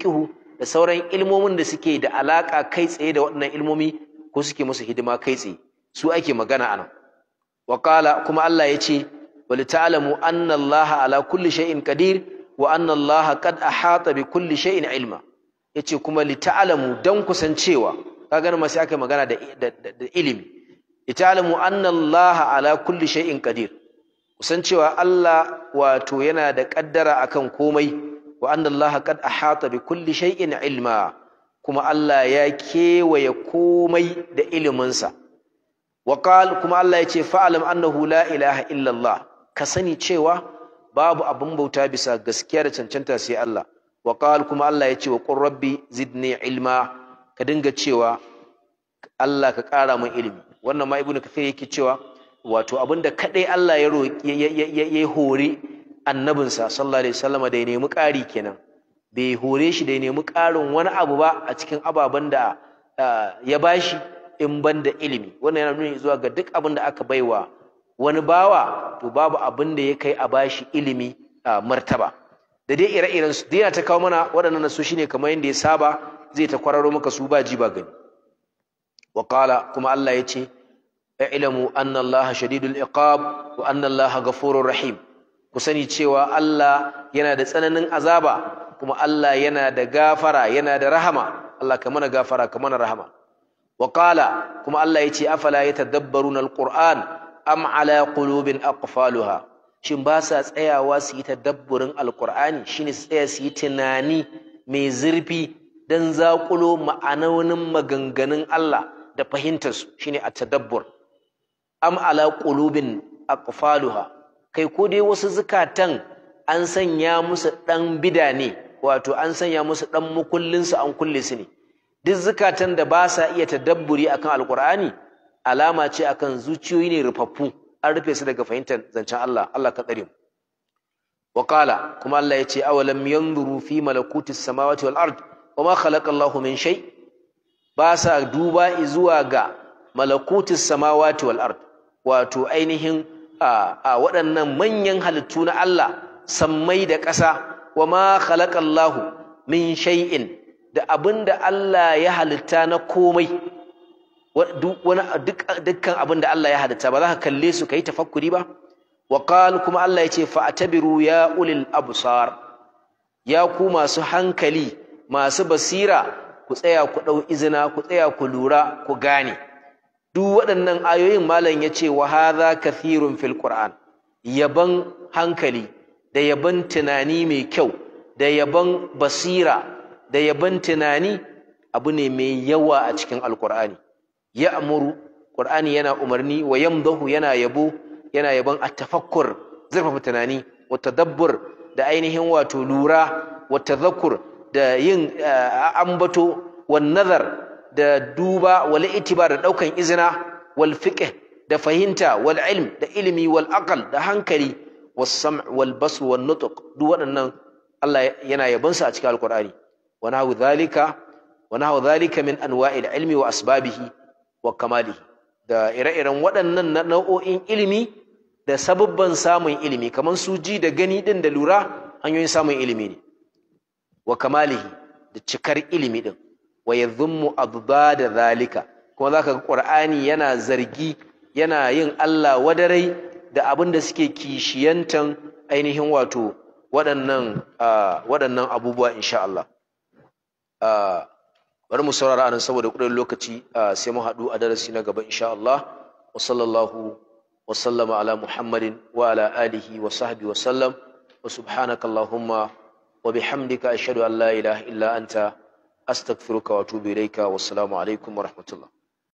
fiqhu da sauran ilmomin da suke da alaka kai tsaye da waɗannan ilmomi ko suke musu hidima kai tsaye su ake magana anan wa qala kuma Allah ya ce wal ta'lamu anna Allah ala kulli shay'in qadir wa anna Allah qad ahata bi kulli shay'in ilma yace kuma li ta'lamu dan kusancewa kaga ma sai aka magana da da ilimi li ta'lamu anna Allah ala kulli shay'in qadir kusancewa Allah wato yana da kaddara akan komai wa anna allaha qad ahata bi kulli shay'in ilma kuma Allah ya kewaye komai da iliminsa wa kuma Allah ya ce fa'alam annahu la ilaha illa Allah ka sani cewa babu abin bauta bisa gaskiya da cancanta sai Allah wa kuma Allah ya ce wa qur rabbi zidni ilma ka dinga cewa Allah ka ƙara min ilmi. wannan ma ibnu kafir yake cewa wato abinda kadai Allah ya roki hore annabinsa sallallahu alaihi wasallam da ya nemi ƙari kenan bai hore shi da ya nemi ƙarin wani abu ba a cikin ababen da ya bashi in ban da ilimi wannan yana nuni zuwa ga duk abin da aka baiwa wani bawa to babu abin da ya kai a bashi ilimi martaba da dai ire-iren su dai ta kawo mana waɗannan nasu shine kamar yadda ya saba zai ta kwararo maka su ba ji ba gani wa qala kuma Allah ya ce ilamu annan laha shadidul iqab wa annan laha ghafurur rahim ku sani cewa Allah yana da tsananin azaba kuma Allah yana da gafara yana da rahama Allah ka mana gafara ka mana rahama wa qala kuma Allah yace afala yatadabbaruna alquran am ala qulubin aqfaluha shin ba sa tsayawa su yi tadabburin alqur'ani shine su tsaya su yi tunani mai zurfi dan zaƙulo ma'anonin maganganun Allah da fahimtar su shine at-tadabbur am ala qulubin aqfaluha kai ko dai wasu zukatan an sanya musu ɗan bida ne wato an sanya musu ɗan su an kulle su ne duk zukatan da ba sa iya tadabburi akan alkur'ani alama ce akan zuciyoyi ne rufaffu an rufe su daga fahimtar zancen Allah Allah ka tsare mu yanzuru fi malakuti samawati wal ard wa ma khalaqa Allahu min shay ba sa duba zuwa ga malakuti samawati wal ard wato ainihin. a waɗannan manyan halittu na Allah sammai da ƙasa wa ma khalaqallahu min shay'in da abinda Allah ya halitta na komai dukkan abinda Allah ya halitta ba za ka kalle su kai tafakkuri ba wa qal kuma Allah ya ce fa'tabiru ya ulil absar ya ku masu hankali masu basira ku tsaya ku ɗau izina ku tsaya ku lura ku gane duk waɗannan ayoyin malam ya ce wa haza kathirun fil qur'an yaban hankali da yaban tunani mai kyau da yaban basira da yaban tunani abu ne mai yawa a cikin alqur'ani ya amuru qur'ani yana umarni wa yamdahu yana yabo yana yaban atafakkur tafakkur zurfafa tunani wa tadabbur da ainihin wato lura wa tadhakkur da yin eh, ambato wa nazar da duba wal itiba da daukan izina wal fiqh da fahimta wal ilm da ilimi wal akal, da hankali was sam' wal basr wan nutq duk waɗannan Allah yana yabon su a cikin alqur'ani wa nahu dhalika wa nahu dhalika min anwa'il ilmi wa asbabihi wa kamalihi da ire-iren waɗannan nau'o'in ilimi da sababban samun ilimi kamar su ji da gani din da lura hanyoyin samun ilimi ne wa kamalihi da cikar ilimi din wa yadhummu da zalika kuma zaka ga qur'ani yana zargi yana yin Allah wadarai da abin da suke kishiyantan ainihin wato waɗannan waɗannan abubuwa insha Allah bari mu saurara anan saboda kuɗin lokaci sai mu haɗu a darasi na gaba insha Allah wa sallallahu wa sallama ala Muhammadin wa ala alihi wa sahbi wa sallam wa subhanaka Allahumma wa bihamdika ashhadu an la ilaha illa anta أستغفرك وأتوب إليك والسلام عليكم ورحمة الله